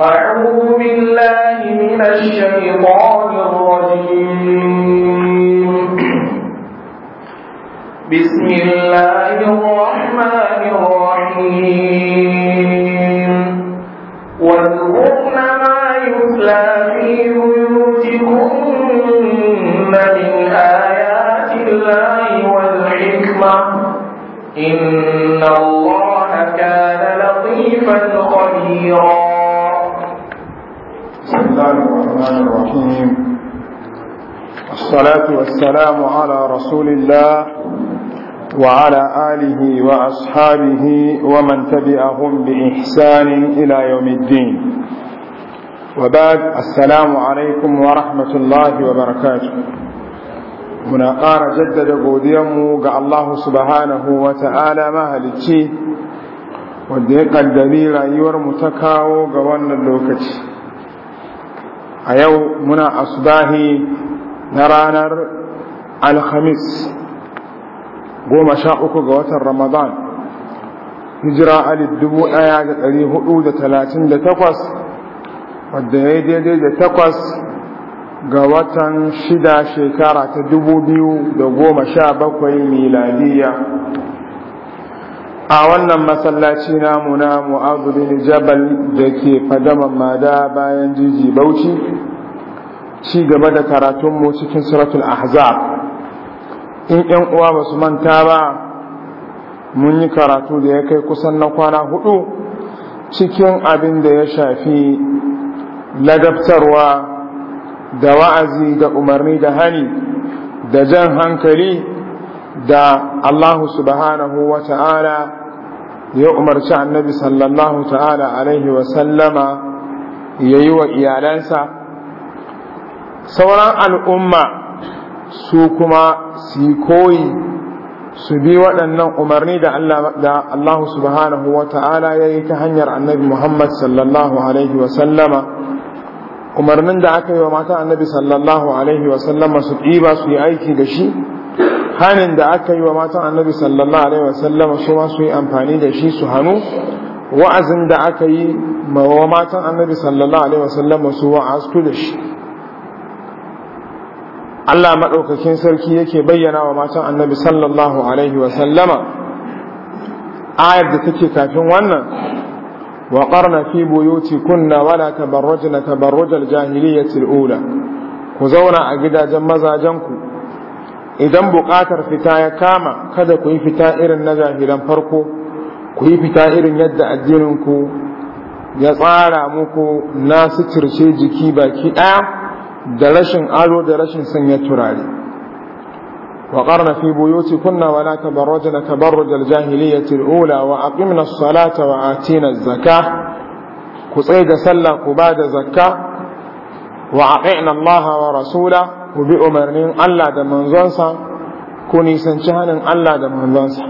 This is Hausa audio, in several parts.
أعوذ بالله من الشيطان الرجيم بسم الله الرحمن الرحيم واذكرن ما يتلى في بيوتكن من آيات الله والحكمة إن الله كان لطيفا خبيرا بسم الله الرحمن الرحيم الصلاة والسلام على رسول الله وعلى آله وأصحابه ومن تبعهم بإحسان إلى يوم الدين وبعد السلام عليكم ورحمة الله وبركاته muna ƙara jaddada godiyanmu ga Allah subhanahu wa ta'ala mahalicci wanda ya ƙaddari rayuwarmu ta kawo ga wannan lokaci a yau muna asbahi na ranar alhamis goma sha uku ga watan ramadan hijira alif dubu ɗaya da ɗari hudu da talatin da takwas wadda ya daidai da takwas ga watan shida shekara ta dubu biyu da goma sha bakwai miladiya a wannan masallaci namu na mu'azu bin jabal da ke fadaman mada bayan jiji bauchi ci gaba da karatunmu cikin suratul ahzab in yan uwa ba su manta ba mun yi karatu da ya kai kusan na kwana hudu cikin abin da ya shafi ladabtarwa da wa'azi da umarni da hani da jan hankali da Allah subhanahu wa ta'ala ya umarci annabi sallallahu ta'ala alaihi wasallama ya yi wa iyalansa sauran al'umma su kuma su koyi su bi waɗannan umarni da Allah subhanahu wa ta'ala ya yi ta hanyar annabi Muhammad sallallahu alaihi wasallama umarnin da aka yi wa mata annabi sallallahu alaihi wasallama su ɗiba su yi aiki da shi hanin da aka yi wa matan annabi sallallahu alaihi wasallama su ma su yi amfani da shi su hannu wa'azin da aka yi wa matan annabi sallallahu alaihi wasallama su wa'aztu da shi Allah maɗaukakin sarki yake bayyana wa matan annabi sallallahu alaihi wasallama ayar da take kafin wannan wa ƙarna fi buyuti kunna wala tabarrajna tabarrujal jahiliyyatil ula ku zauna a gidajen mazajen ku. idan buƙatar fita ya kama kada ku yi fita irin na zahiran farko ku yi fita irin yadda ku ya tsara muku na suturce jiki baki ɗaya da rashin ado da rashin sanya turare wa ƙarna fi buyuti kunna wa la tabarrujna tabarruj al-jahiliyyati al-ula wa aqimna as-salata wa atina zaka ku tsaya sallah ku ba da zakka wa aqina Allah wa rasula ku bi umarnin Allah da manzonsa ku nisanci hanin Allah da manzonsa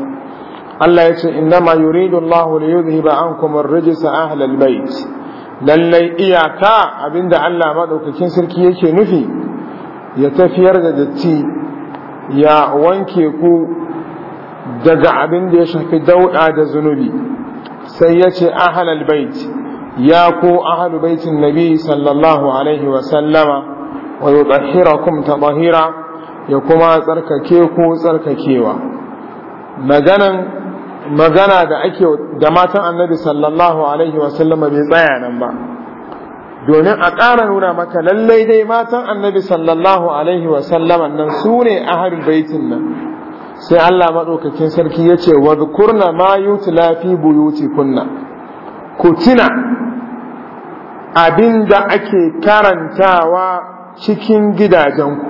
Allah ya ce ma yuridu Allah li yuzhiba ankum ar-rijsa ahla al-bayt lallai iyaka abinda Allah madaukakin sarki yake nufi ya tafiyar da datti ya wanke ku daga abin da ya shafi dauda da zunubi sai ya ce ahalal bait ya ko ahalu baitin nabi sallallahu alaihi wa sallama wa ta bahira ya kuma tsarkake ko tsarkakewa magana da ake da matan annabi sallallahu alaihi wa sallama bai tsaya nan ba domin a ƙara nuna maka lallai dai matan annabi sallallahu alaihi wa sallama nan su ne ahlul baitin nan sai Allah maɗaukakin sarki ya ce wa zukurna ma yutla fi buyuti kunna ku tuna abinda ake karantawa cikin gidajenku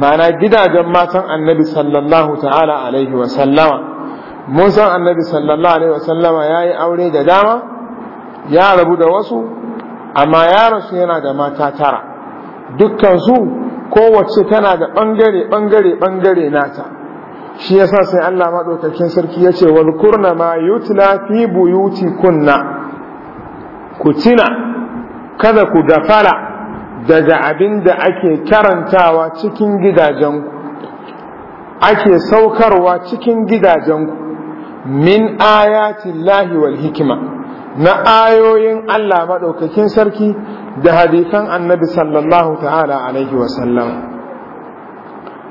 ma'ana gidajen matan annabi sallallahu ta'ala alaihi wa sallama mun san annabi sallallahu alaihi wa sallama ya yi aure da dama ya rabu da wasu amma yaransu yana da mata tara dukkansu kowace tana da ɓangare ɓangare ɓangare nata shi ya sa sai Allah maɗaukakin sarki ya ce wani, kurna ma yutla fi buyuti kunna ku tina kada ku gafala daga abin da ake karantawa cikin gidajen ake saukarwa cikin gidajenku min ayatin lahi hikima na ayoyin Allah maɗaukakin sarki da hadikan annabi sallallahu ta'ala alaihi wasallam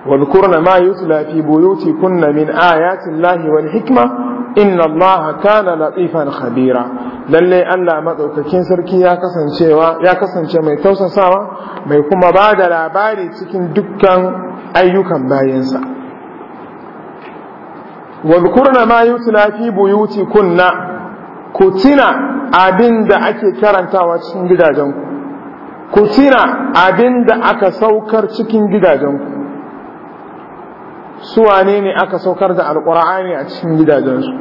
ma ما يتلى في kunna min آيات الله hikima? inna allaha kana latifan khabira lalle Allah madaukakin sarki ya kasancewa ya kasance mai tausasawa mai kuma ba da labari cikin dukkan ayyukan bayansa wadhkurna ma yutla fi buyutikunna ku tina abin da ake karantawa cikin gidajen ku tina abin da aka saukar cikin gidajenku su wane ne aka saukar da alqur'ani a cikin gidajensu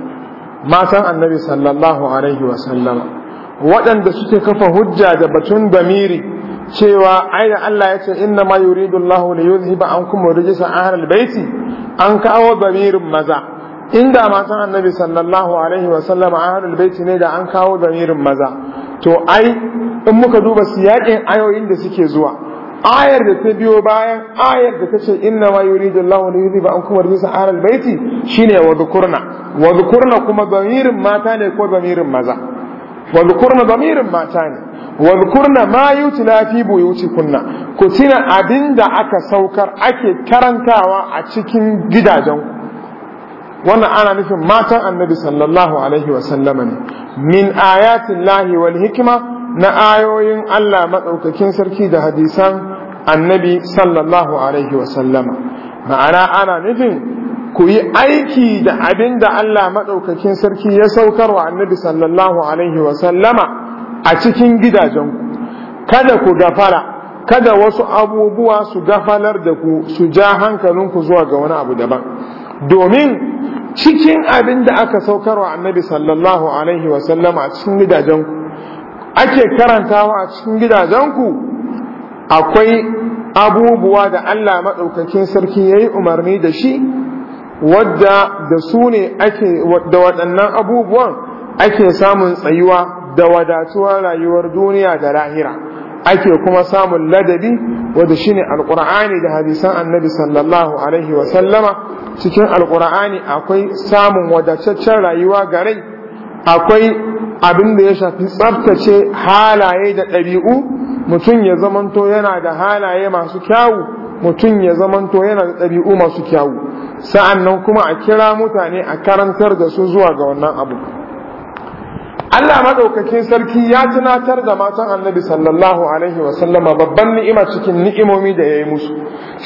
matan annabi sallallahu alaihi wa sallama waɗanda suke kafa hujja da batun damiri cewa aida da Allah ya ce inna ma yuridu Allah li yuzhiba ankum rijsa ahlal baiti an kawo damirin maza inda matan annabi sallallahu alaihi wa sallama ahlul baiti ne da an kawo damirin maza to ai in muka duba siyaƙin ayoyin da suke zuwa ayar da ta biyo bayan ayar da ta ce inna ma yuridu Allahu li yudhiba ankum rijsa ahlal baiti shine wa dhukurna wa dhukurna kuma zamirin mata ne ko zamirin maza wa dhukurna zamirin mata ne wa dhukurna ma yutla fi buyutikunna ku tina abinda aka saukar ake karantawa a cikin gidajen wannan ana nufin matan annabi sallallahu alaihi wa sallama min ayatin lahi wal hikma na ayoyin Allah matsaukakin sarki da hadisan annabi sallallahu alaihi wasallama ma'ana ana nufin ku yi aiki da abin da Allah matsaukakin sarki ya saukar wa annabi sallallahu alaihi wasallama a cikin gidajenku kada ku gafara kada wasu abubuwa su gafalar da ku su ja hankalinku zuwa ga wani abu daban domin cikin abin da aka saukar wa annabi sallallahu alaihi wasallama a cikin gidajenku ake karantawa a cikin gidajenku akwai abubuwa da Allah maɗaukakin sarki ya yi umarni da shi wadda da su ne ake da waɗannan abubuwan ake samun tsayuwa da wadatuwar rayuwar duniya da lahira ake kuma samun ladabi wadda shi ne da hadisan annabi sallallahu alaihi wasallama cikin alƙur'ani akwai samun wadataccen rayuwa ga rai akwai abin da ya shafi tsaftace halaye da ɗabi'u mutum ya zamanto yana da halaye masu kyawu mutum ya zamanto yana da ɗabi'u masu kyawu sa'annan kuma a kira mutane a karantar da su zuwa ga wannan abu Allah maɗaukakin sarki ya tunatar da matan annabi sallallahu alaihi wasallama babban ni'ima cikin ni'imomi da ya yi musu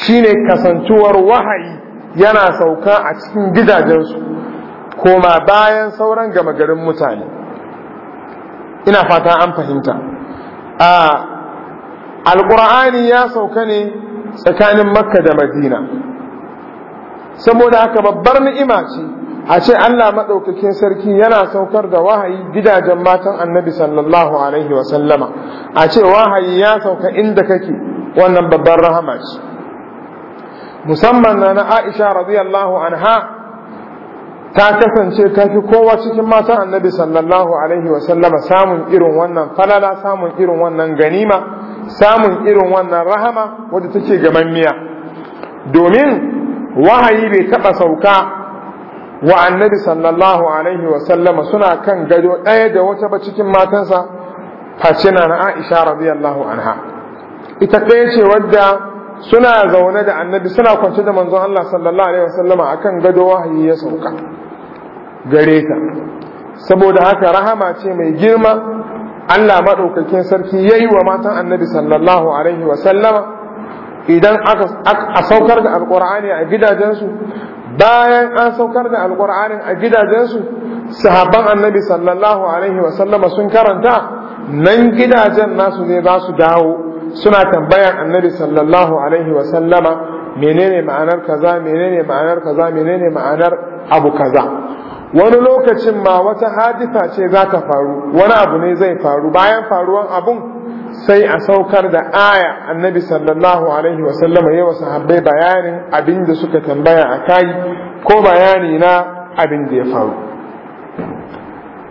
shi ne kasantuwar wahayi yana sauka a cikin gidajensu koma bayan sauran gama garin mutane ina fata an fahimta a alƙur'ani ya sauka ne tsakanin makka da madina saboda haka babbar ni'ima ce a ce allah maɗaukakin sarki yana saukar da wahayi gidajen matan annabi sallallahu alaihi wasallama a ce wahayi ya sauka inda kake wannan babbar rahama ce musamman na aisha radiyallahu anha ta kasance ta fi kowa cikin matan annabi sallallahu alaihi wa sallama, samun irin wannan falala samun irin wannan ganima samun irin wannan rahama wadda take miya. domin wahayi bai taɓa sauka wa annabi sallallahu alaihi wa sallama, suna kan gado ɗaya da wata ba cikin matansa face na na aisha radiyallahu anha ita ɗaya ce wadda suna zaune da annabi suna kwance da manzon Allah sallallahu alaihi wa wasallama akan gado wahayi ya sauka gare ta saboda haka rahama ce mai girma Allah maɗaukakin sarki ya yi wa matan annabi sallallahu alaihi sallama, idan a saukar da alƙur'ani a gidajensu bayan an saukar da alƙur'anin a gidajensu sahabban annabi sallallahu alaihi sallama sun karanta nan gidajen nasu ne za su dawo suna tambayan annabi sallallahu alaihi wasallama menene ma'anar kaza menene ma'anar kaza menene ma'anar abu kaza wani lokacin ma wata hadifa ce za ta faru wani abu ne zai faru bayan faruwan abun sai a saukar da aya annabi sallallahu alaihi wasallama yi wa sahabbai bayanin abin da suka tambaya a kai ko bayani na abin da ya faru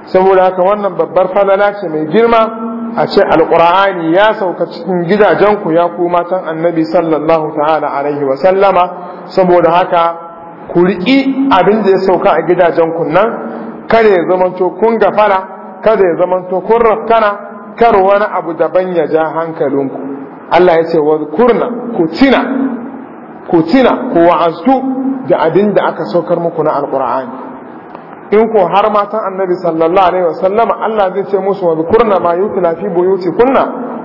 saboda haka wannan babbar falala ce mai girma a ce alkur'ani ya sauka cikin gidajenku ya kuma matan annabi sallallahu ta'ala alaihi wasallama saboda haka ku riƙi abin da ya sauka a gidajen kunnan kada ya zamanto kun gafara kada ya zamanto kun rakkana kar wani abu daban ya ja hankalinku Allah ya ce wa kurna ku tina ku tina ku wa'aztu da abin da aka saukar muku na alqur'ani in ko har matan annabi sallallahu alaihi wasallam Allah zai ce musu wa kurna ma yutla fi kunna,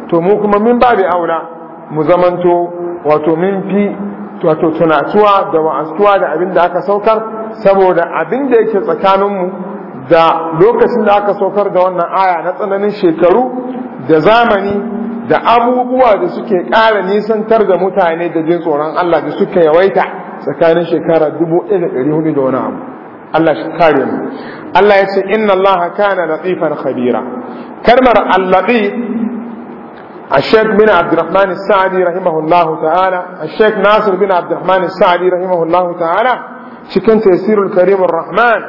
to mu kuma min babi aula mu zamanto wato min fi wato tunatuwa da wa'astuwa da abin da aka saukar saboda abin da yake tsakaninmu da lokacin da aka saukar da wannan aya na tsananin shekaru da zamani da abubuwa da suke ƙara nisantar da mutane da jin tsoron Allah da suka yawaita tsakanin shekara 1400 da wani abu Allah shi kare mu Allah ya ce inna Allah kana latifan khabira kalmar al-latif الشيخ بن عبد الرحمن السعدي رحمه الله تعالى الشيخ ناصر بن عبد الرحمن السعدي رحمه الله تعالى شكن تيسير الكريم الرحمن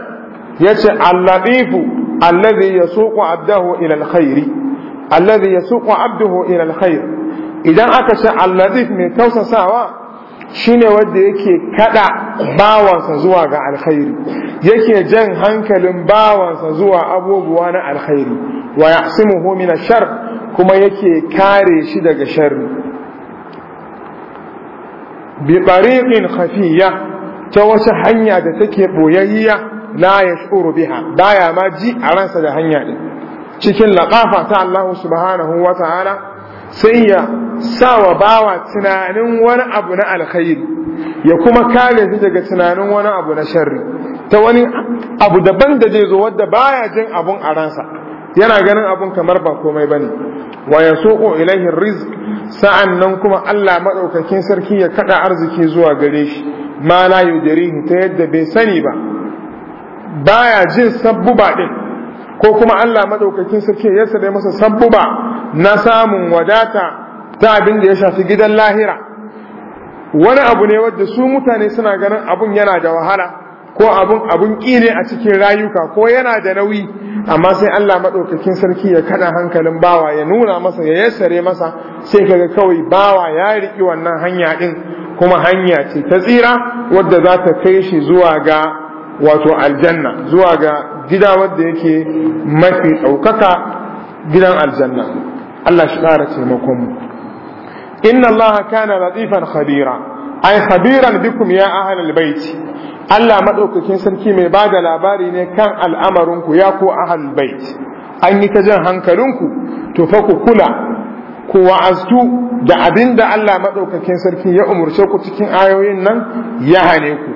يشع اللطيف الذي يسوق عبده إلى الخير الذي يسوق عبده إلى الخير إذا أكشع اللطيف من توسع سوا shine wanda yake kada bawansa zuwa ga alkhairi yake jan hankalin bawansa zuwa abubuwa na alkhairi wa yahsimuhu min ashar kuma yake kare shi daga sharri bi tariqin khafiya ta wata hanya da take boyayya la shuru biha baya ma ji a ransa da hanya din cikin laqafa ta Allah subhanahu wa ta'ala sai ya sawa bawa tunanin wani abu na alkhairi ya kuma kare shi daga tunanin wani abu na sharri ta wani abu daban da zai zo wanda baya jin abun a ransa yana ganin abun kamar ba komai bane wa yasuqu ilaihi rizq nan kuma Allah madaukakin sarki ya kaɗa arziki zuwa gare shi ma la yudrihi ta yadda bai sani ba baya jin sabbuba din ko kuma Allah madaukakin sarki ya sade masa sabbuba na samun wadata ta abin da ya shafi gidan lahira wani abu ne wadda su mutane suna ganin abun yana da wahala ko abun abun kine a cikin rayuka ko yana da nauyi amma sai Allah madaukakin sarki ya kada hankalin bawa ya nuna masa ya yassare masa sai kaga kawai bawa ya riƙi wannan hanya din, kuma hanya ce ta tsira wadda za ta kai shi zuwa ga wato aljanna zuwa ga gida wadda yake mafi ɗaukaka gidan aljanna Allah shi ƙara taimakon mu inna Allah kana latifan khabira ay khabiran bikum ya ahlal bait Allah madaukakin sarki mai ba da labari ne kan al'amarinku ya ko ahal bait an yi ta jan hankalinku to fa ku kula ku wa'aztu da abinda Allah madaukakin sarki ya umurce ku cikin ayoyin nan ya hane ku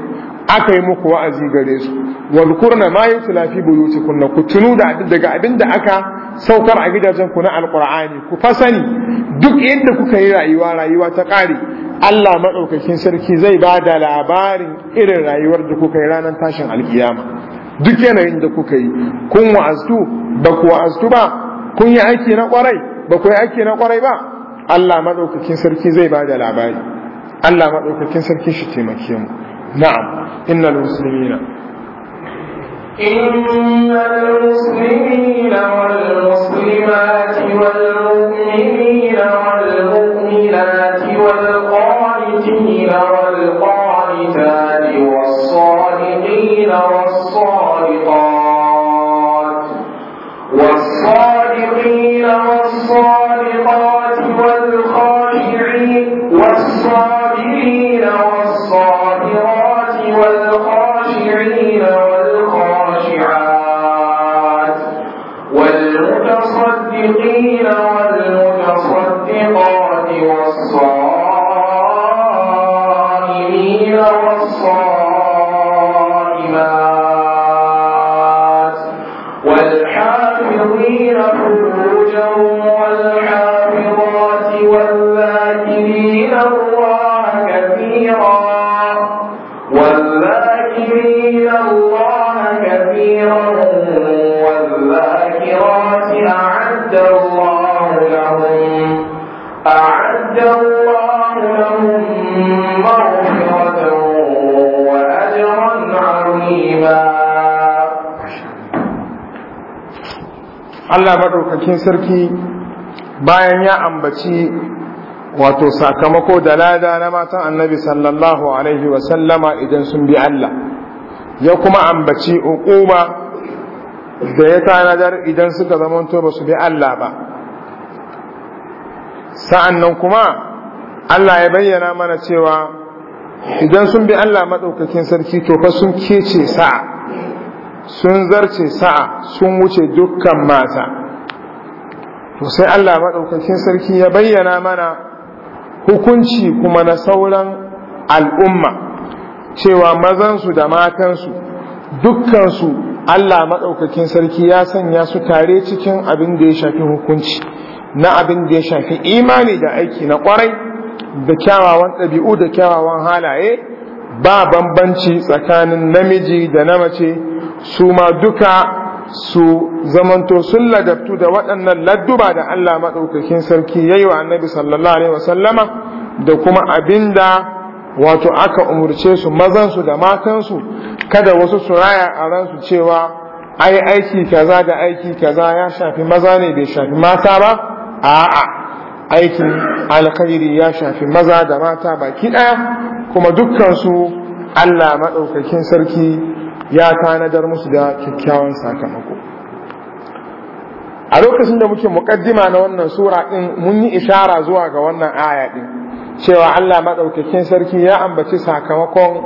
aka yi muku wa'azi gare su wadkurna ma yutla fi buyutikunna ku tunu da daga abinda aka saukar a gidajen ku na alkur'ani ku fa sani duk inda kuka yi rayuwa rayuwa ta kare Allah madaukakin sarki zai ba da labarin irin rayuwar da kuka yi ranar tashin alkiyama duk yanayin da kuka yi kun wa'aztu ba ku wa'aztu ba kun yi aiki na kwarai ba ku yi aiki na kwarai ba Allah madaukakin sarki zai ba da labari Allah madaukakin sarki shi taimake mu na'am innal muslimina إن المسلمين والمسلمات والمؤمنين والمؤمنات Allah maɗaukakin sarki bayan ya ambaci wato sakamako da lada na matan annabi sallallahu alaihi wasallama idan sun bi Allah ya kuma ambaci hukuma da ya tanadar idan suka zamanto ba su bi Allah ba sa'an nan kuma Allah ya bayyana mana cewa idan sun bi Allah maɗaukakin sarki to fa sun kece sa'a sun zarce sa'a sun wuce dukkan mata to sai Allah maɗaukakin sarki ya bayyana mana hukunci kuma na sauran al'umma cewa mazansu da matansu dukkansu Allah maɗaukakin sarki ya sanya su tare cikin abin da ya shafi hukunci na abin da ya shafi imani da aiki na ƙwarai da kyawawan ɗabi'u da kyawawan halaye ba bambanci tsakanin namiji da na mace su ma duka su zamanto sun ladabtu da waɗannan ladduba da Allah maɗaukakin sarki ya yi wa annabi sallallahu alaihi wasallama da kuma abin da wato aka umurce su mazansu da matansu kada wasu su raya a ransu cewa ai aiki kaza da aiki kaza ya shafi maza ne bai shafi mata ba a'a aikin alkhairi ya shafi maza da mata baki ɗaya kuma dukkansu Allah maɗaukakin sarki ya tanadar musu da kyakkyawan sakamako a lokacin da muke muƙaddima na wannan sura ɗin mun yi ishara zuwa ga wannan aya ɗin cewa Allah maɗaukakin sarki ya ambaci sakamakon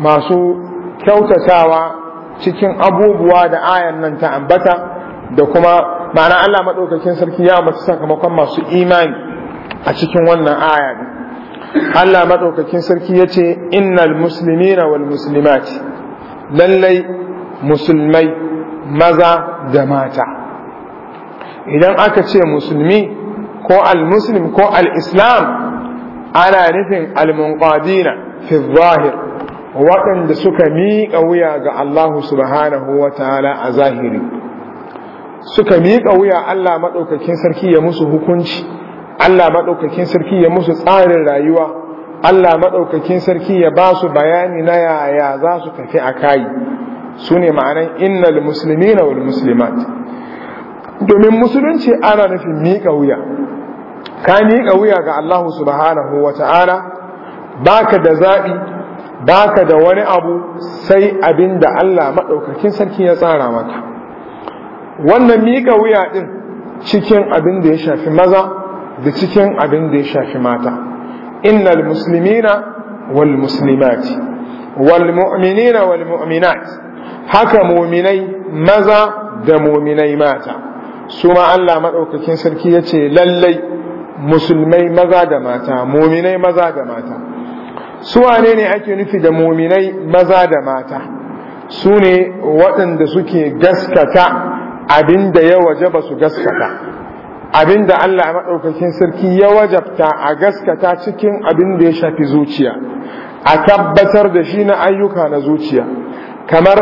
masu kyautatawa cikin abubuwa da ayan nan ta ambata da kuma ma'ana Allah maɗaukakin sarki ya ambaci sakamakon masu imani a cikin wannan aya din Allah maɗaukakin sarki ya ce innal muslimina wal muslimati lallai musulmai maza da mata idan aka ce musulmi ko al-muslim ko al-islam ana nufin al-munqadina fi zahir waɗanda suka miƙa wuya ga Allah subhanahu wa ta'ala a zahiri suka miƙa wuya Allah maɗaukakin sarki ya musu hukunci Allah maɗaukakin sarki ya musu tsarin rayuwa Allah maɗaukakin sarki ya ba su bayani na yaya za su tafi a kayi Sune ne ma'anan innal musulmi wal musulmat domin musulunci ana nufin miƙa wuya ka miƙa wuya ga Allah subhanahu wa ta'ala baka da zaɓi baka da wani abu sai abinda Allah maɗaukakin sarki ya tsara maka wannan miƙa wuya ɗin cikin abin da ya shafi maza da cikin abin da ya shafi mata innal muslimina wal muslimati wal mu'minina haka muminai maza da muminai mata su ma Allah madaukakin sarki yace lallai musulmai maza da mata muminai maza da mata su wanene ake nufi da muminai maza da mata su ne waɗanda suke gaskata abin da ya waje ba su gaskata Abin da Allah maɗaukakin sarki ya wajabta a gaskata cikin abin da ya shafi zuciya a tabbatar da shi na ayyuka na zuciya kamar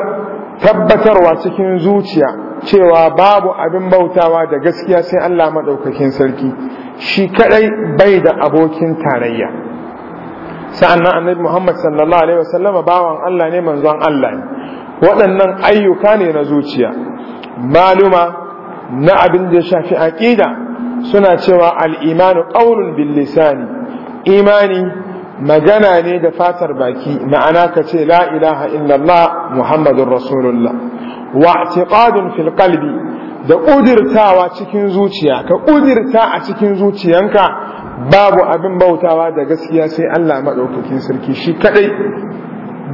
tabbatarwa cikin zuciya cewa babu abin bautawa da gaskiya sai Allah maɗaukakin sarki shi kaɗai bai da abokin tarayya sa'annan annabi Muhammad sallallahu alaihi wasallama bawan Allah ne manzon Allah ne waɗannan ayyuka ne na zuciya maluma na abin da ya shafi aƙida, suna cewa al-imanu qawlun bil lisani imani magana ne da fatar baki ma'ana ka ce la ilaha illallah muhammadun rasulullah wa i'tiqadun fil qalbi da ƙudirtawa cikin zuciya ka ƙudirta a cikin zuciyanka babu abin bautawa da gaskiya sai Allah maɗaukakin sarki shi kaɗai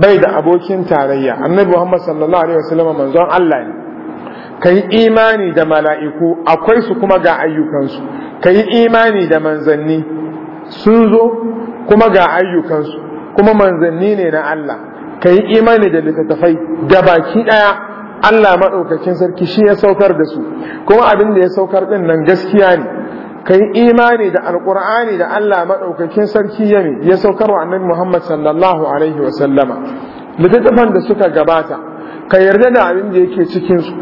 bai da abokin tarayya annabi muhammad sallallahu alaihi wasallam manzon Allah ne kai imani da mala'iku akwai su kuma ga ayyukansu kai imani da manzanni sun zo kuma ga ayyukansu kuma manzanni ne na Allah kai imani da littattafai da baki ɗaya, Allah maɗaukacin sarki shi ya saukar da su kuma abin da ya saukar ɗin nan gaskiya ne kai imani da alƙur'ani da Allah maɗaukakin sarki ya ya saukar wa annabi Muhammad sallallahu alaihi wa sallama littattafan da suka gabata ka yarda da abin da yake cikin su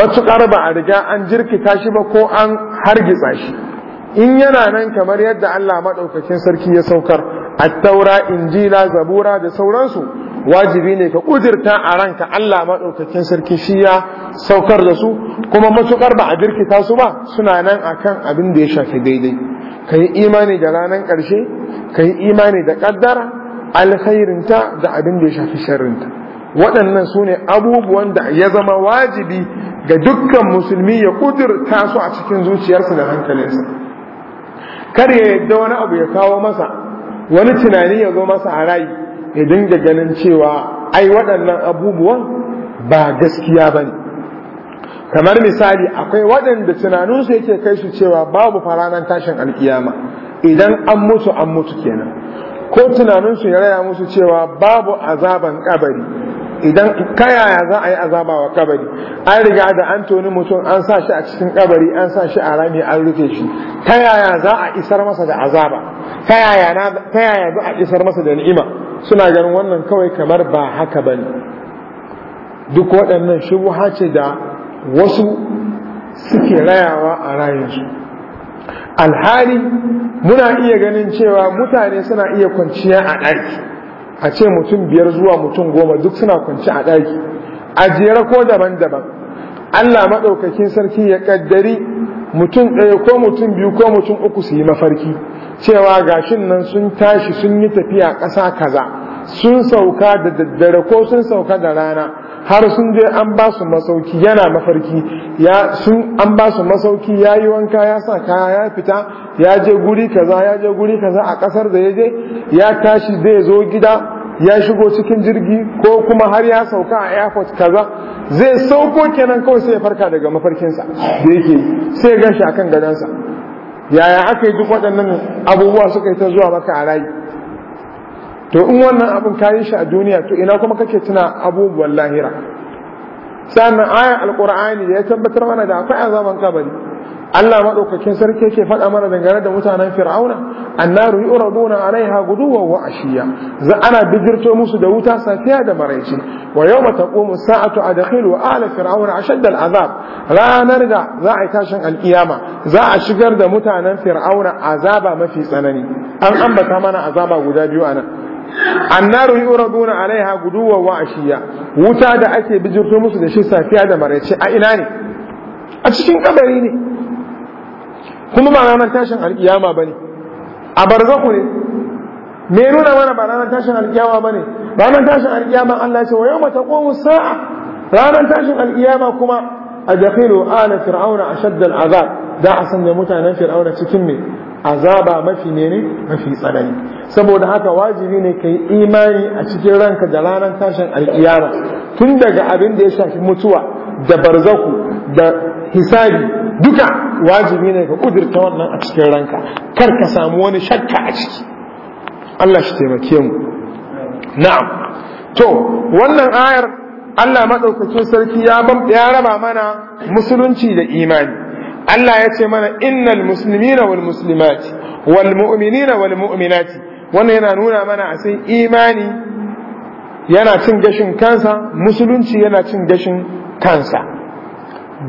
matukar ba a riga an jirkita shi ba ko an hargitsa shi in yana nan kamar yadda Allah madaukakin sarki ya saukar Attaura, injila zabura da sauransu wajibi ne ka kudirta a ranka Allah madaukakin sarki shi ya saukar da su kuma matukar ba a jirkita su ba suna nan akan abin da ya shafi daidai ka yi imani da ranar ƙarshe ka yi imani da ƙaddara alkhairinta da abin da ya shafi sharrinta waɗannan su ne abubuwan da ya zama wajibi ga dukkan musulmi ya ƙudurta su a cikin zuciyarsa da hankalinsa kar ya yadda wani abu ya kawo masa wani tunani ya zo masa a rai ya dinga ganin cewa ai waɗannan abubuwan ba gaskiya ba ne kamar misali akwai waɗanda tunaninsu yake kai su cewa babu faranan tashin alkiyama idan an mutu an mutu kenan ko tunaninsu ya raya musu cewa babu azaban kabari idan kayaya za a yi azaba wa kabari an riga da an toni mutum an sa shi a cikin kabari an sa shi a rami an rufe shi yaya za a isar masa da azaba yaya za a isar masa da ni'ima suna ganin wannan kawai kamar ba haka ba ne duk waɗannan shubuha ce da wasu suke rayawa a su. alhali muna iya ganin cewa mutane suna iya kwanciya a ɗaki a ce mutum biyar zuwa mutum goma duk suna kwanci a ɗaki a jera ko daban-daban Allah maɗaukakin sarki ya ƙaddari mutum ɗaya ko mutum biyu ko mutum uku su yi mafarki cewa gashin nan sun tashi sun yi tafiya ƙasa kaza sun sauka da daddare ko sun sauka da rana har sun je an ba su masauki yana mafarki ya sun an ba su masauki ya yi wanka ya sa kaya ya fita ya je guri kaza ya je guri kaza a kasar da ya je ya tashi zai zo gida ya shigo cikin jirgi ko kuma har ya sauka a airport kaza zai sauko kenan kawai sai ya farka daga mafarkinsa da yake sai gashi a akan gadansa yaya aka yi duk waɗannan abubuwa suka yi ta zuwa maka a rayu to in wannan abin yi shi a duniya to ina kuma kake tuna abubuwan lahira sannan ayan alkur'ani ya tabbatar mana da akwai azaban kabari Allah madaukakin sarki yake faɗa mana dangane da mutanen Fir'auna annaru yuraduna alaiha guduwa wa ashiya za ana bijirto musu da wuta safiya da maraice wa yawma taqumu sa'atu adkhilu ala fir'auna ashadda al'azab ranar da za a yi tashin alkiyama za a shigar da mutanen Fir'auna azaba mafi tsanani an ambata mana azaba guda biyu anan annaru yuraduna alaiha guduwa wa ashiya wuta da ake bijirto musu da shi safiya da maraice a ina ne a cikin kabari ne kuma ba ranar tashin alkiyama bane a barzaku ne me nuna mana ba ranar tashin alkiyama bane ranar tashin alkiyama Allah ya ce wa yawma taqumu sa'a ranar tashin alkiyama kuma a dakhilu ala fir'auna ashadda al'azab da a sanya mutanen fir'auna cikin me azaba mafi ne mafi tsanani saboda haka wajibi ne kai imani a cikin ranka da ranar tashin alkiyama tun daga abin da ya shafi mutuwa da barzaku da hisabi duka wajibi ne ka kudirta wannan a cikin ranka kar ka samu wani shakka a ciki Allah shi taimake mu na'am to wannan ayar Allah madaukakin sarki ya raba mana musulunci da imani Allah ya ce mana innal muslimina wal muslimati wal mu'minina wal mu'minati wannan yana nuna mana a sai imani yana cin gashin kansa musulunci yana cin gashin kansa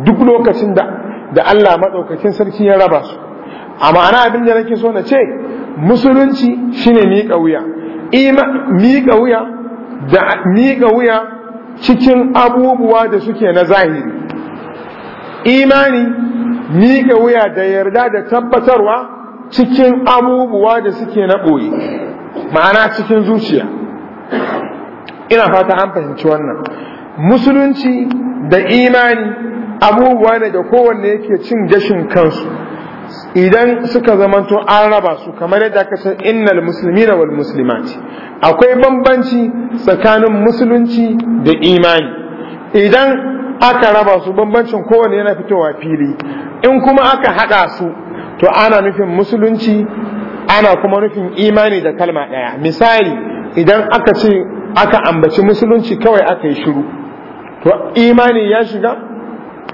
duk lokacin da da Allah madaukakin sarki ya raba su a ma'ana abin da nake so na ce musulunci shine miƙa wuya miƙa wuya da miƙa wuya cikin abubuwa da suke na zahiri imani miƙa wuya da yarda da tabbatarwa cikin abubuwa da suke na ɓoye ma'ana cikin zuciya ina fata an fahimci wannan musulunci da imani abubuwa ne da kowanne yake cin gashin kansu idan suka zamanto an raba su kamar yadda aka san innal muslimina wal muslimati akwai bambanci tsakanin musulunci da imani idan aka raba su bambancin kowane yana fitowa fili in kuma aka haɗa su to ana nufin musulunci ana kuma nufin imani da kalma ɗaya misali idan aka ce aka ambaci musulunci kawai aka yi shiru to imani ya shiga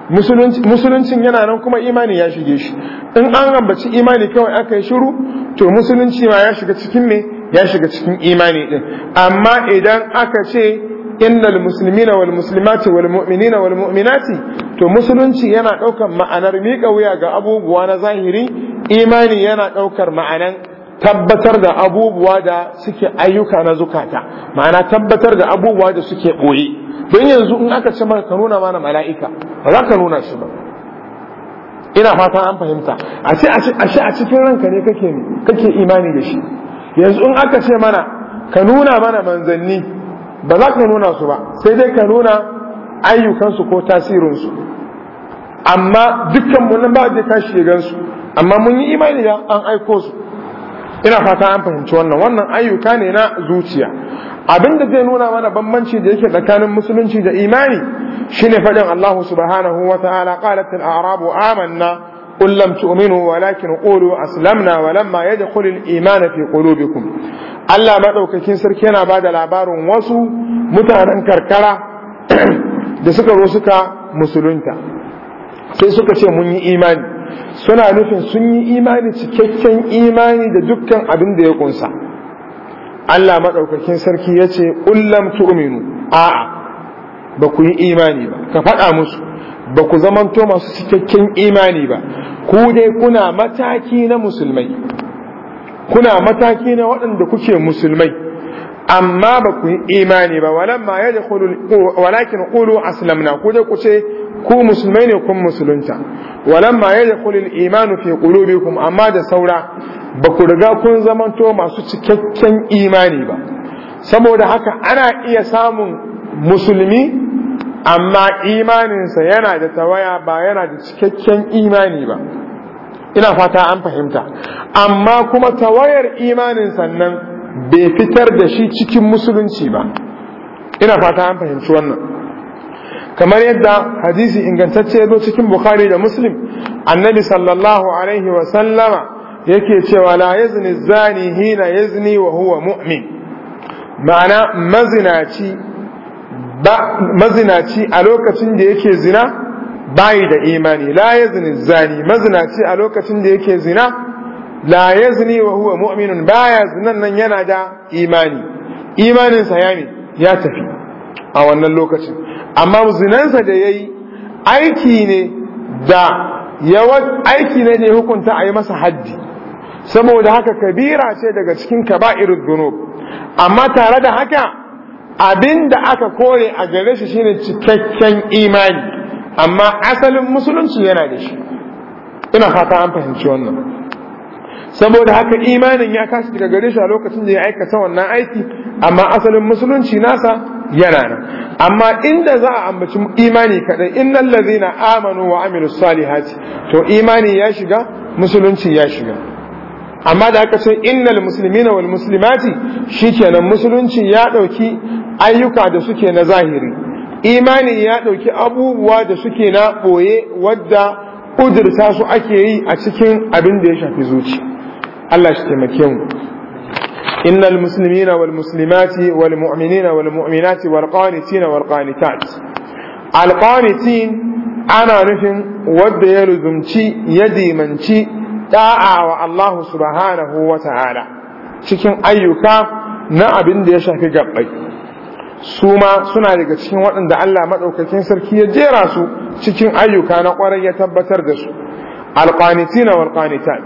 musuluncin yana nan kuma imani ya shige shi in an ambaci imani kawai aka yi shiru to musulunci ma ya shiga cikin me ya shiga cikin imani din amma idan aka ce innal muslimina wal muslimati wal mu'minina wal mu'minati to musulunci yana daukar ma'anar miƙa wuya ga abubuwa na zahiri imani yana daukar ma'anan tabbatar da abubuwa da suke ayyuka na zukata ma'ana tabbatar da abubuwa da suke boye don yanzu in aka ce maka ka nuna mana mala'ika ba za ka nuna shi ba ina fata an fahimta a ce a cikin ranka ne kake kake imani da shi yanzu in aka ce mana ka nuna mana manzanni ba za ka nuna su ba sai dai ka nuna ayyukansu ko tasirinsu amma dukkan mu nan ba da tashi gan su amma mun yi imani da an aiko su ina fata an fahimci wannan wannan ayyuka ne na zuciya abin da zai nuna mana bambanci da yake tsakanin musulunci da imani shine faɗin Allah subhanahu wata'ala ta'ala qalat al-a'rabu amanna قل لم تؤمنوا ولكن قولوا أسلمنا ولما يدخل الإيمان في قلوبكم Allah maɗaukakin sarki yana ba da labarin wasu mutanen karkara da suka zo suka musulunta sai suka ce mun yi imani suna nufin sun yi imani cikakken imani da dukkan abin da ya ƙunsa. Allah maɗaukakin sarki ya ce ƙullam tu'minu a'a ba ku yi imani ba ka faɗa musu ba ku zamanto masu cikakken imani ba ku dai kuna mataki na musulmai kuna mataki na waɗanda kuke musulmai amma ba ku yi imani ba walamma ya walakin qulu aslamna ku dai ku ce ku musulmai ne kun musulunta walamma ya dakulu al-iman fi qulubikum amma da saura ba ku riga kun zamanto masu cikakken imani ba saboda haka ana iya samun musulmi amma imaninsa yana da tawaya ba yana da cikakken imani ba ina fata an fahimta amma kuma tawayar imanin sannan bai fitar da shi cikin musulunci ba ina fata an fahimci wannan kamar yadda hadisi ingantacce ya zo cikin bukari da muslim annabi sallallahu alaihi wa yake cewa la yazni zani hina yazni wa huwa mu'min ma'ana mazinaci ba mazinaci a lokacin da yake zina bayi da imani la zini zani mazinaci a lokacin da yake zina la zini wa huwa mu'minun baya zinan nan yana da imani imanin ya ya ya tafi a wannan lokacin amma zinansa da ya yi aiki ne da yawan aiki ne da ya hukunta a yi masa haddi saboda haka kabira ce daga cikin kaba'irud dunub amma tare da haka abin da aka kore a gare shi shine cikakken imani amma asalin musulunci yana da shi ina fata an fahimci wannan saboda haka imanin ya kashi daga gare shi a lokacin da ya aikata wannan aiki amma asalin musulunci nasa yana nan amma inda za a ambaci imani kadai innal ladzina amanu wa amilus salihati to imani ya shiga musulunci ya shiga amma da aka ce innal muslimina wal muslimati shikenan musulunci ya dauki ayyuka da suke na zahiri imani ya dauki abubuwa da suke na boye wadda kudurta su ake yi a cikin abin da ya shafi zuci Allah shi taimake mu innal muslimina wal muslimati wal mu'minina wal mu'minati wal qanitina wal qanitat al qanitin ana nufin wadda ya ruzumci ya dimanci da'a wa Allah subhanahu wa ta'ala cikin ayyuka na abin da ya shafi gabbai su ma suna daga cikin waɗanda Allah maɗaukakin sarki ya jera su cikin ayyuka na ƙwarai ya tabbatar da su alƙanitina wal qanitat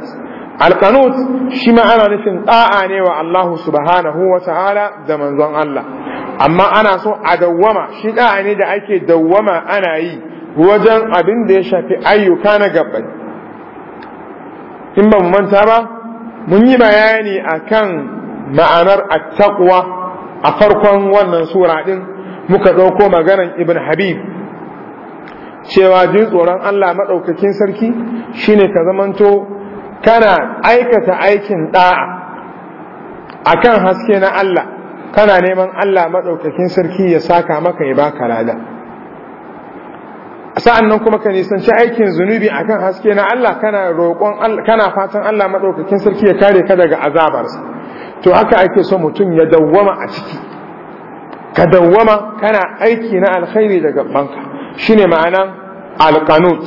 alqanut shi ma ana nufin da'a ne wa Allah subhanahu wa ta'ala da manzon Allah amma ana so a dawwama shi da'a ne da ake dawwama ana yi wajen abin da ya shafi ayyuka na gabbai in ba mu manta ba mun yi bayani akan ma'anar attaqwa a farkon wannan sura din muka dauko maganar ibn habib cewa jin tsoron Allah madaukakin sarki shine ka zamanto kana aikata aikin da'a akan haske na Allah kana neman Allah madaukakin sarki ya saka maka ya baka lada sa'an nan kuma ka nisanci aikin zunubi a kan haske na Allah kana kana fatan Allah maɗaukakin sarki ya kare ka daga azabarsa to haka ake so mutum ya dawwama a ciki ka dawwama kana aiki na alkhairi daga banka shine ma'anan alqanut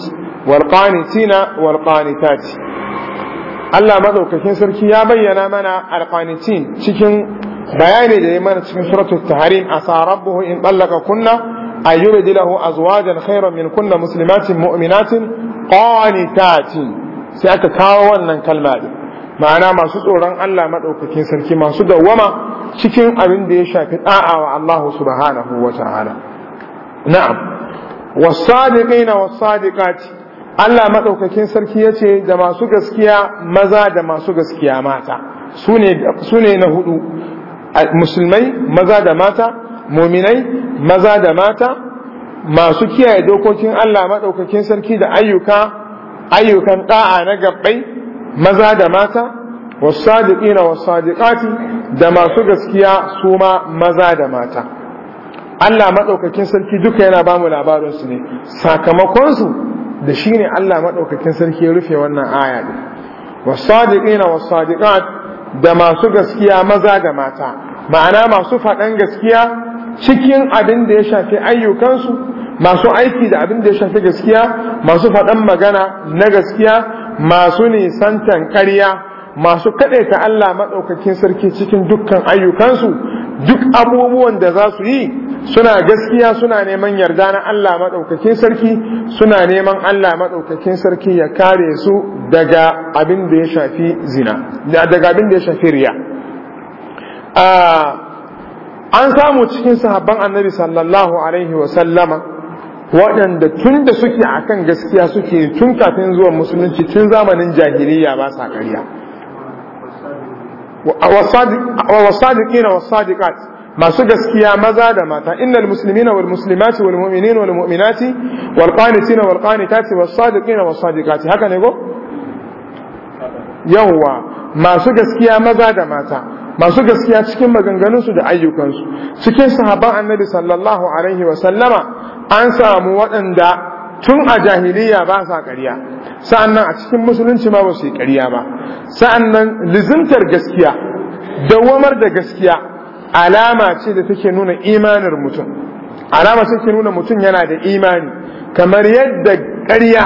wal qanitina wal Allah maɗaukakin sarki ya bayyana mana alqanitin cikin bayani da ya mana cikin suratul a asa rabbuhu in ɓallaka kunna dilahu أن يرد min kunna خيرا mu'minatin كن sai Sai kawo wannan wannan كالمال ma'ana masu tsoron Allah maɗaukakin sarki masu dawwama cikin abin da ya shafi ɗa'a wa Allah subhanahu wa ta'ala na'am wasadiqina wasadiqati Allah maɗaukakin sarki ya ce da masu gaskiya maza da masu gaskiya mata su ne na hudu musulmai maza da mata muminai maza da mata masu kiyaye dokokin Allah maɗaukakin sarki da ayyuka ayyukan ɗa'a na gabbai maza da mata wasadiqina wasadiqati da masu gaskiya su ma maza da mata Allah maɗaukakin sarki duka yana ba mu labarin su ne sakamakonsu su da shine Allah maɗaukakin sarki ya rufe wannan aya din wasadiqina wasadiqat da masu gaskiya maza da mata ma'ana masu faɗan gaskiya cikin abin da ya shafi ayyukansu masu aiki da abin da ya shafi gaskiya masu faɗan magana na gaskiya masu nisantan ƙarya masu kaɗaita Allah maɗaukakin sarki cikin dukkan ayyukansu duk abubuwan da za su yi suna gaskiya suna neman yarda na Allah maɗaukakin sarki suna neman Allah maɗaukakin sarki ya kare su daga abin da ya shafi zina daga abin da ya shafi riya ah, an samu cikin sahabban annabi sallallahu alaihi wa sallama waɗanda tun da suke a kan gaskiya suke tun kafin zuwa musulunci tun zamanin jahiliya ba sa ƙarya wa sadiqina wa sadiqat masu gaskiya maza da mata innal muslimina wal muslimati wal mu'minina na mu'minati wal qanitina wal qanitati was sadiqina was sadiqati haka ne go yawwa masu gaskiya maza da mata masu gaskiya cikin maganganunsu da ayyukansu cikin sahaban annabi sallallahu alaihi wa sallama an samu waɗanda tun a jahiliya ba sa ƙarya sa'annan a cikin musulunci ma ba su yi ƙarya ba sa'annan lizimtar gaskiya dawamar da gaskiya alama ce da take nuna imanin mutum alama ce take nuna mutum yana da imani kamar yadda ƙarya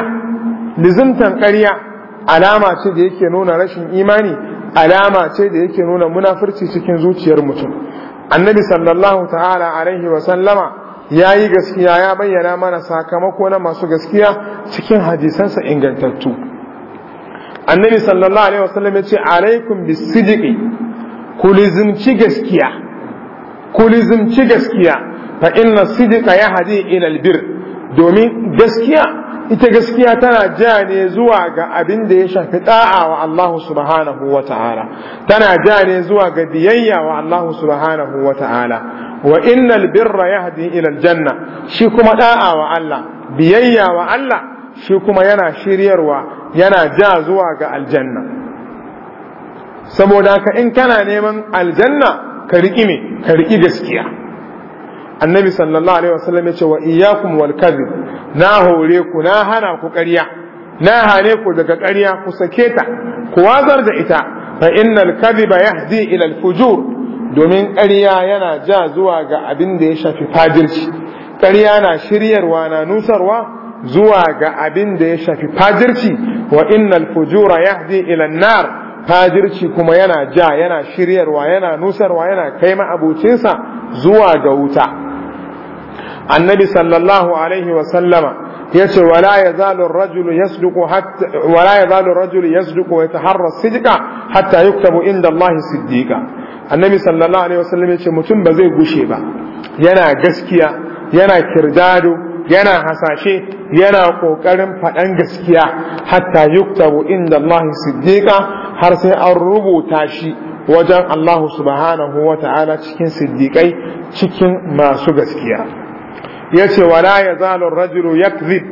lizimtar ƙarya alama ce da yake nuna rashin imani alama ce da yake nuna munafurci cikin zuciyar mutum annabi sallallahu ta'ala alaihi wa sallama ya yi gaskiya ya bayyana mana sakamako na masu gaskiya cikin hadisansa ingantattu annabi sallallahu alaihi wa sallam ya ce alaikum bisidiqi ku gaskiya ku gaskiya fa inna sidika ya hadi ila albir domin gaskiya ita gaskiya tana ja ne zuwa ga abin da ya shafi da'a wa Allah subhanahu wa ta'ala tana ja ne zuwa ga biyayya wa Allah subhanahu wa ta'ala wa innal birra yahdi ila aljanna shi kuma da'a wa Allah biyayya wa Allah shi kuma yana shiryarwa yana ja zuwa ga aljanna saboda ka in kana neman aljanna ka riki me ka riki gaskiya annabi sallallahu alaihi wasallam yace wa iyyakum wal kadhib na hore ku na hana ku ƙarya na hane ku daga ƙarya ku sake ta ku wazar da ita fa innal kadhiba yahdi ila al fujur domin ƙarya yana ja zuwa ga abin da ya shafi fajirci ƙarya na shiryarwa na nusarwa zuwa ga abin da ya shafi fajirci wa innal fujura yahdi ila nar fajirci kuma yana ja yana shiryarwa yana nusarwa yana kai ma'abucinsa zuwa ga wuta annabi sallallahu alaihi wa sallama yace wala yazalu ar-rajulu yasduqu hatta wala yazalu ar hatta yuktabu inda Allah siddiqa annabi sallallahu alaihi wa ya ce mutum ba zai gushe ba yana gaskiya yana kirdado yana hasashe yana ƙoƙarin faɗan gaskiya hatta yuktabu inda Allah siddiqa har sai an rubuta shi wajen Allah subhanahu wa ta'ala cikin siddiƙai cikin masu gaskiya yace wala yazalu ar-rajulu yakzib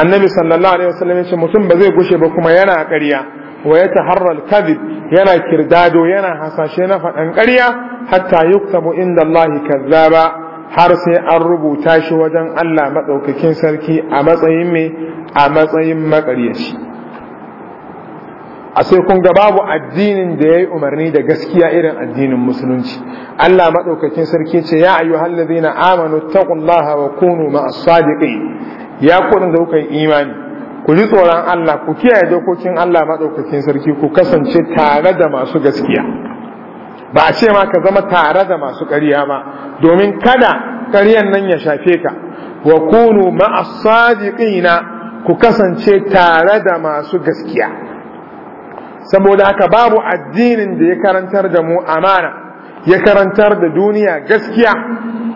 annabi sallallahu alaihi wasallam yace mutum ba zai gushe ba kuma yana ƙarya wa taharral kazib yana kirdado yana hasashe na faɗan ƙarya hatta yuktabu inda Allah kazzaba har sai an rubuta shi wajen Allah matsaukakin sarki a matsayin mai a matsayin maƙaryaci a sai kun ga babu addinin da ya yi umarni da gaskiya irin addinin musulunci Allah maɗaukakin sarki ce ya ayyu hallazi na amanu taqullaha wa kunu ma'as sadiqin ya kuɗin da kuka yi imani ku ji tsoron Allah ku kiyaye dokokin Allah maɗaukakin sarki ku kasance tare da masu gaskiya ba a ce ma ka zama tare da masu ƙarya ba domin kada ƙaryan nan ya shafe ka wa kunu ma'as na ku kasance tare da masu gaskiya saboda haka babu addinin da ya karantar da mu amana ya karantar da duniya gaskiya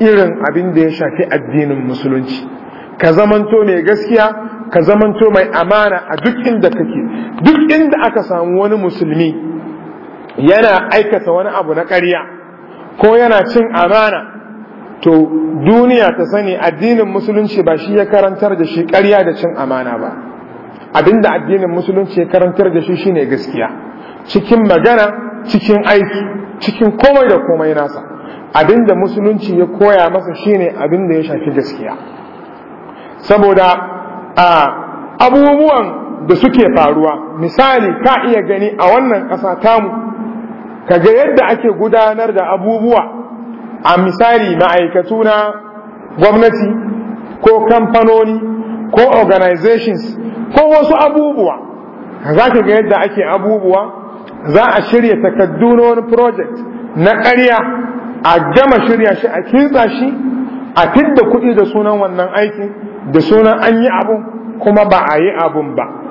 irin abin da ya shafi addinin musulunci ka zamanto mai gaskiya ka zamanto mai amana a duk inda kake duk inda aka samu wani musulmi yana aikata wani abu na ƙarya ko yana cin amana to duniya ta sani addinin musulunci ba shi ya karantar da shi ƙarya da cin amana ba abinda addinin musulunci ya karantar da shi shine gaskiya cikin magana cikin aiki cikin komai da komai nasa abinda musulunci ya koya masa shine abinda ya shafi gaskiya saboda a abubuwan da suke faruwa misali ka iya gani a wannan ƙasa tamu kaga yadda ake gudanar da abubuwa a misali ma'aikatu na gwamnati ko kamfanoni ko organizations ko wasu abubuwa za ka ga yadda ake abubuwa za a shirya takaddu na wani project na ƙarya a gama shirya shi a kitsa shi a fidda kuɗi da sunan wannan aiki da sunan an yi abu kuma ba a yi abun ba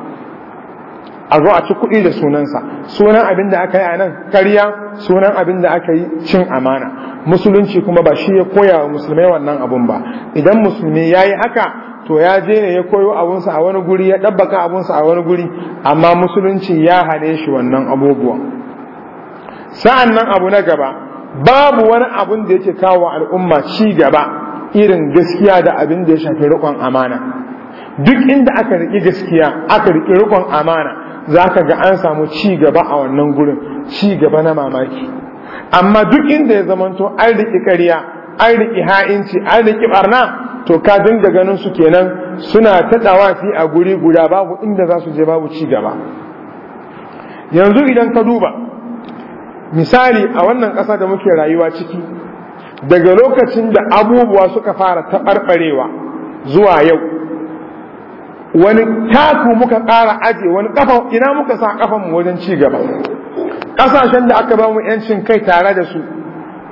a zo a ci kuɗi da sunansa sunan abin da aka yi a nan ƙarya sunan abin da aka yi cin amana musulunci kuma ba shi ya koya wa musulmai wannan abun ba idan musulmi ya yi haka to ya je ne ya koyo abunsa a wani guri ya ɗabbaka abunsa a wani guri amma musulunci ya hane shi wannan abubuwan sa'an nan abu na gaba babu wani abun da yake kawo al'umma ci gaba irin gaskiya da abin da ya shafi riƙon amana duk inda aka riƙi gaskiya aka riƙi riƙon amana za ka ga an samu ci gaba a wannan gurin ci gaba na mamaki amma duk inda ya zamanto an riƙi ƙarya an riƙi ha'inci an riƙi ɓarna to ka dinga ganin su kenan suna ta tsawafi a guri guda babu inda za su je babu ci gaba yanzu idan ka duba misali a wannan ƙasa da muke rayuwa ciki daga lokacin da abubuwa suka fara taɓarɓarewa zuwa yau wani taku muka ƙara aje wani kafa ina muka sa kafan mu wajen ci gaba Ƙasashen da aka ba mu yancin kai tare da su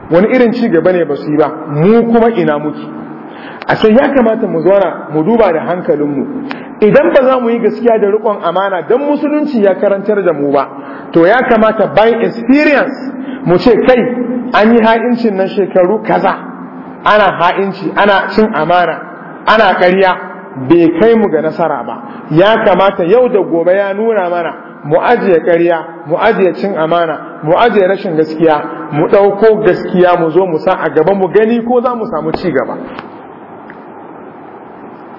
wani irin ci gaba ne ba su yi ba mu kuma ina muke a sai ya kamata mu zauna mu duba da hankalin mu idan ba za mu yi gaskiya da riƙon amana don musulunci ya karantar da mu ba to ya kamata by experience mu ce kai an yi ha'incin na shekaru kaza ana ha'inci ana cin amana ana ƙarya bai kai mu ga nasara ba ya kamata yau da gobe ya nuna mana mu ajiye ƙarya mu ajiye cin amana mu ajiye rashin gaskiya mu ɗauko gaskiya mu zo mu sa a gaba mu gani ko za mu samu ci gaba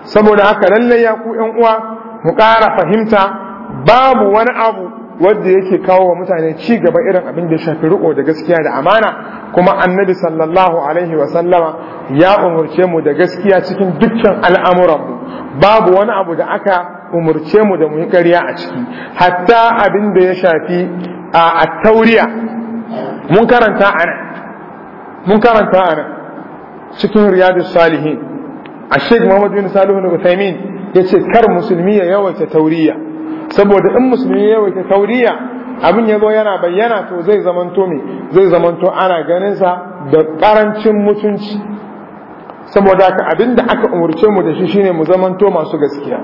saboda haka lallai ya ku ƴan uwa mu ƙara fahimta babu wani abu wanda yake kawo wa mutane ci gaba irin abin da shafi riko da gaskiya da amana kuma annabi sallallahu alaihi wa sallama ya umurce mu da gaskiya cikin dukkan al'amuranmu babu wani abu da aka umurce mu da mu ƙarya a ciki hatta abin da ya shafi a tauriya mun karanta ana mun karanta cikin riyadus salihin a sheik muhammad bin salihu na uthaymin ya ce kar musulmi ya yawaita tauriya saboda in musulmi ya yawaita tauriya abin ya zo yana bayyana to zai zamanto me zai zamanto ana ganin sa da ƙarancin mutunci saboda ka da aka umurce mu da shi shine mu zamanto masu gaskiya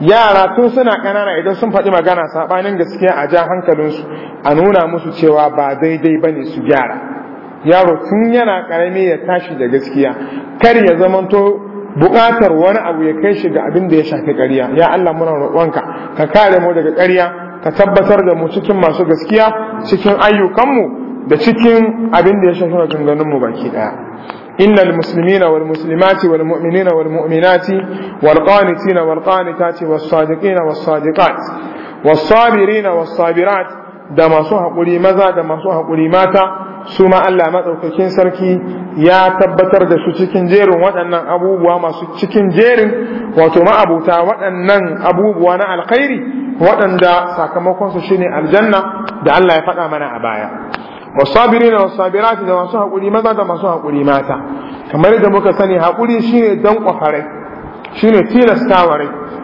yara tun suna ƙanana idan sun faɗi magana saɓanin gaskiya a ja su a nuna musu cewa ba daidai ba ne su gyara yaro tun yana karami ya tashi da gaskiya kar ya zamanto buƙatar wani abu ya kai shi ga abin da ya shafi ƙarya ya Allah muna roƙonka ka kare mu daga ƙarya ka tabbatar da mu cikin masu gaskiya cikin ayyukanmu da cikin abin da ya shafi mu baki ɗaya إن المسلمين والمسلمات والمؤمنين والمؤمنات والقانتين والقانتات والصادقين والصادقات والصابرين والصابرات da masu haƙuri maza da masu haƙuri mata su ma Allah maɗaukakin sarki ya tabbatar da su cikin jerin waɗannan abubuwa masu cikin jerin wato ma'abuta waɗannan abubuwa na alkhairi waɗanda sakamakonsu shi ne aljanna da Allah ya faɗa mana a baya wasabirina wasabirati da masu haƙuri maza da masu haƙuri mata kamar yadda muka sani haƙuri shine dan kwafarai shine tilastawa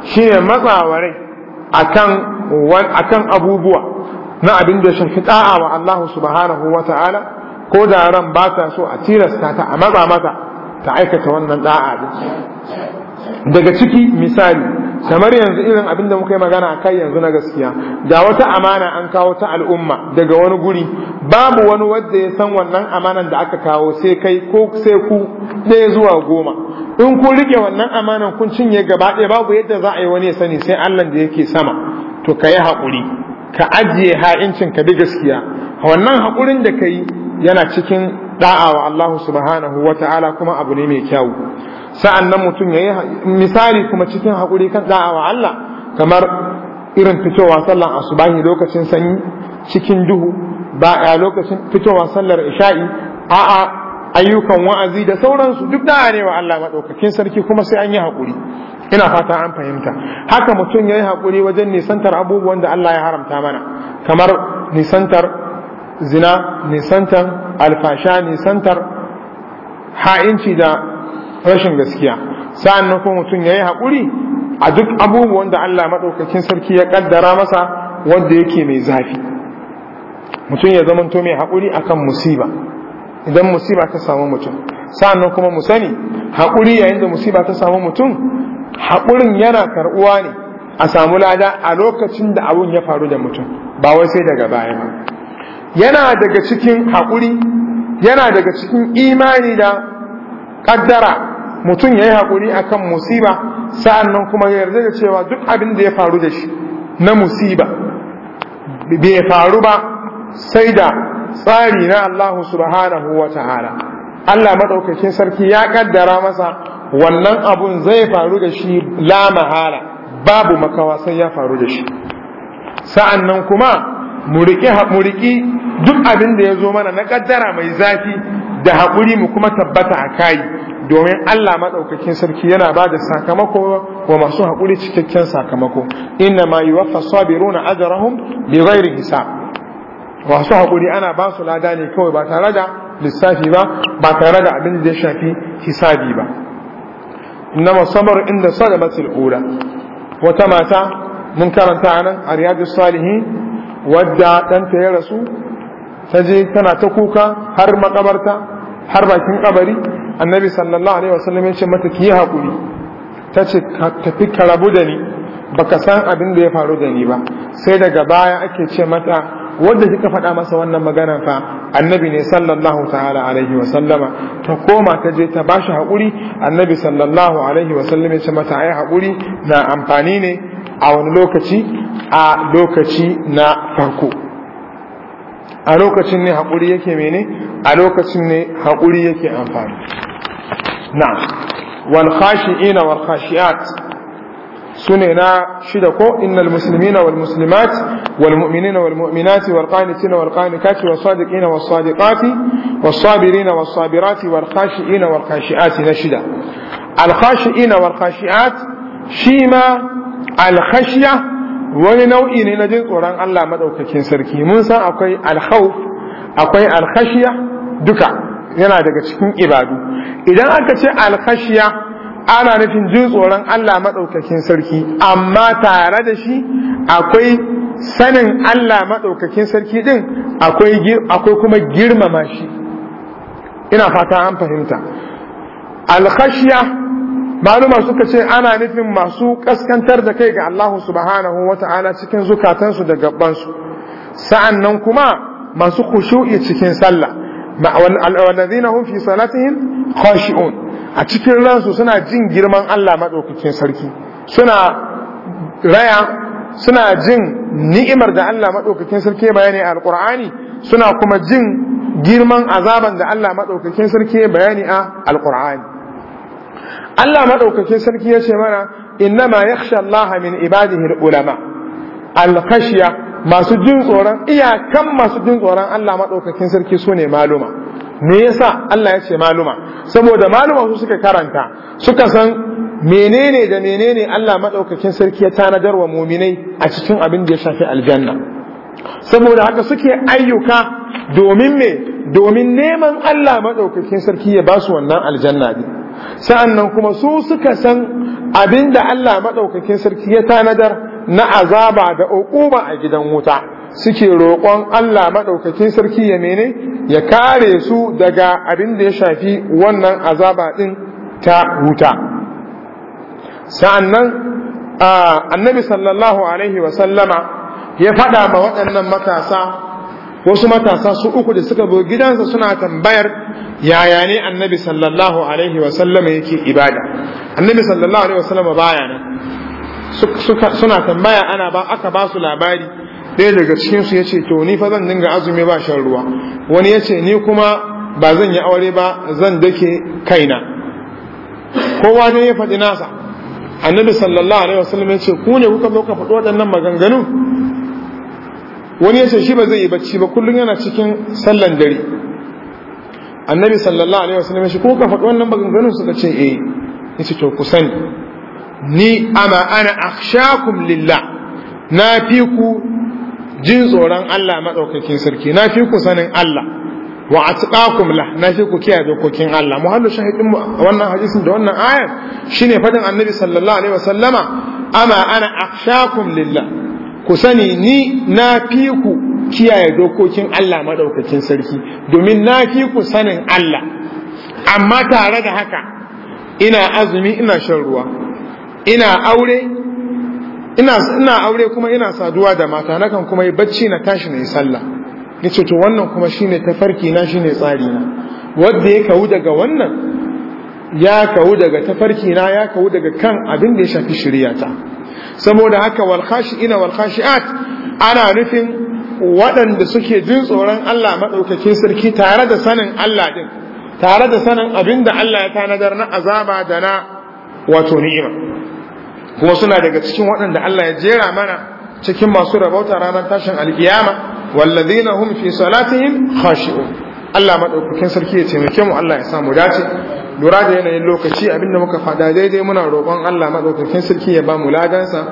shine matsawa rai akan abubuwa na abin da shi da'a wa Allah subhanahu wa ta'ala ko da ran ba ta so a tilasta ta a matsa mata ta aikata wannan ɗa'a daga ciki misali kamar yanzu irin abin da muka yi magana a kai yanzu na gaskiya da wata amana an kawo ta al'umma daga wani guri babu wani wanda ya san wannan amanan da aka kawo sai kai ko sai ku ɗaya zuwa goma in ku rike wannan amanan kun cinye gaba ɗaya babu yadda za a yi wani ya sani sai Allah da yake sama to ka yi haƙuri ka ajiye ha'incin ka bi gaskiya wannan haƙurin da ka yi yana cikin da'a wa Allah subhanahu wa ta'ala kuma abu ne mai kyau sa'an nan mutum ya yi misali kuma cikin haƙuri kan da'a wa Allah kamar irin fitowa sallar asubahi lokacin sanyi cikin duhu ba a lokacin fitowa sallar isha'i a'a ayyukan wa'azi da sauransu duk da'a ne wa Allah maɗaukakin sarki kuma sai an yi haƙuri ina fata an fahimta haka mutum ya yi haƙuri wajen nisantar abubuwan da Allah ya haramta mana kamar nisantar zina nisantar alfasha nisantar ha'inci da rashin gaskiya sa'an nan kuma mutum ya yi haƙuri a duk abubuwan da Allah maɗaukakin sarki ya ƙaddara masa wanda yake mai zafi mutum ya zamanto mai haƙuri akan musiba idan musiba ta samu mutum sa'an nan kuma mu sani haƙuri yayin da musiba ta samu mutum haƙurin yana karɓuwa ne a samu lada a lokacin da abun ya faru da mutum ba wai sai daga baya ba yana daga cikin haƙuri yana daga cikin imani da ƙaddara mutum ya yi haƙuri a kan musiba sa'an nan kuma ya yarda da cewa duk abin da ya faru da shi na musiba bai faru ba sai da tsari na Allah subhanahu wa ta'ala Allah maɗaukakin sarki ya ƙaddara masa wannan abun zai faru da shi la mahala babu makawa sai ya faru da shi sa'an nan kuma mu riƙi duk abin da ya zo mana na ƙaddara mai zafi da haƙuri mu kuma tabbata a kai domin Allah maɗaukakin sarki yana ba da sakamako wa masu haƙuri cikakken sakamako inna ma yuwaffa sabiruna ajrahum bai ghairi hisab wasu haƙuri ana ba su lada ne kawai ba tare da lissafi ba ba tare da abin da ya shafi hisabi ba inna musamman inda sadamatul ula wata mata mun karanta anan a riyadus salihin wadda ɗanta ya rasu ta je tana ta kuka har makabarta har bakin kabari annabi sallallahu alaihi wasallam ya ce mata ki hakuri ta ce ka tafi ka rabu da ni baka san abin da ya faru da ni ba sai daga baya ake ce mata wanda suka faɗa masa wannan magana fa annabi ne sallallahu ta'ala alaihi wa sallama ta koma ta je ta bashi haƙuri annabi sallallahu alaihi wa sallama ya mata ai haƙuri na amfani ne a wani lokaci a lokaci na farko a lokacin ne haƙuri yake mene a lokacin ne haƙuri yake amfani na wal khashi'ina wal khashi'at sune na shida ko innal muslimina wal muslimat wal mu'minina wal mu'minati wal qanitina wal qanitat was sadiqina was sadiqati was sabirina was sabirati wal khashiina wal khashiati na shida al khashiina wal khashiat shima al khashiya wani nau'i ne na jin tsoron Allah madaukakin sarki mun san akwai al khawf akwai al khashiya duka yana daga cikin ibadu idan aka ce al khashiya ana nufin jin tsoron Allah maɗaukakin sarki amma tare da shi akwai sanin Allah maɗaukakin sarki ɗin akwai kuma girmama shi ina fata an fahimta alkhashiya maluma suka ce ana nufin masu kaskantar da kai ga Allah subhanahu wa ta'ala cikin zukatansu da gabansu sa'an nan kuma masu kushu'i cikin sallah zina hun fi صلاتهم khashi'un a cikin ransu suna jin girman Allah maɗaukakin sarki suna raya suna jin ni'imar da Allah maɗaukakin sarki bayani a alƙur'ani suna kuma jin girman azaban da Allah maɗaukakin sarki bayani a alƙur'ani Allah maɗaukakin sarki ya ce mana innama yakhsha Allah min ibadihi ulama al-khashya masu jin tsoron iyakan masu jin tsoron Allah maɗaukakin sarki su ne maluma me yasa Allah ya ce maluma saboda maluma su suka karanta suka san menene da menene Allah madaukakin sarki ya tanadar wa muminai a cikin abin da ya shafi aljanna saboda haka suke ayyuka domin me domin neman Allah madaukakin sarki ya ba su wannan aljanna ne sa'annan kuma su suka san abin da Allah madaukakin sarki ya tanadar na azaba da uquba a gidan wuta suke roƙon Allah maɗaukakin sarki ya mene ya kare su daga abin da ya shafi wannan azaba ɗin ta huta. sa'annan annabi sallallahu alaihi wasallama ya faɗa ma waɗannan matasa wasu matasa su uku da suka bu gidansa suna tambayar yaya ne annabi sallallahu alaihi wasallama yake ibada annabi sallallahu alaihi wasallama baya suna tambaya ana ba aka ba su labari ɗaya daga cikinsu ya ce to ni fa zan dinga azumi ba shan ruwa wani ya ce ni kuma ba zan yi aure ba zan dake kaina kowa ne ya faɗi nasa annabi sallallahu alaihi wasallam ya ce ku ne kuka zo ka faɗi waɗannan maganganu wani ya ce shi ba zai yi bacci ba kullum yana cikin sallan dare annabi sallallahu alaihi wasallam ya ce kuka ka faɗi wannan maganganun suka ce eh ya ce to ku sani ni ama ana akhshakum lillah na fi ku jin tsoron Allah maɗaukakin sarki na fi ku sanin Allah wa atqakum la na fi ku kiyaye dokokin Allah muhallu shahidin wannan hadisin da wannan ayar shine faɗin annabi sallallahu alaihi wasallama ama ana akhshakum lillah ku sani ni na fi ku kiyaye dokokin Allah maɗaukakin sarki domin na fi ku sanin Allah amma tare da haka ina azumi ina shan ruwa ina aure ina aure kuma ina saduwa da mata nakan kuma yi bacci na tashi na yi sallah yace to wannan kuma shine tafarki na shine tsari na wanda ya kawu daga wannan ya kawu daga tafarki na ya kawu daga kan abin da ya shafi shiriyata saboda haka wal ina wal khashi'at ana nufin waɗanda suke jin tsoron Allah madaukake sarki tare da sanin Allah din tare da sanin abinda Allah ya tanadar na azaba da na wato ni'ima kuma suna daga cikin waɗanda Allah ya jera mana cikin masu rabauta ranar tashin alkiyama wallazina hum fi salatihim khashi'un Allah madaukakin sarki ya taimake mu Allah ya sa mu dace lura da yanayin lokaci abinda muka faɗa daidai muna roƙon Allah maɗaukakin sarki ya ba mu ladansa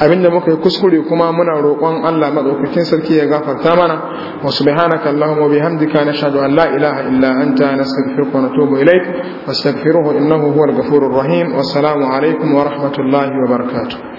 abinda muka yi kuskure kuma muna roƙon Allah maɗaukakin sarki ya gafarta mana wa subhanaka allahumma bihamdika nashhadu an la ilaha illa anta nastaghfiruka wa natubu ilaik wastaghfiruhu innahu huwal ghafurur rahim wassalamu alaikum wa rahmatullahi wa barakatuh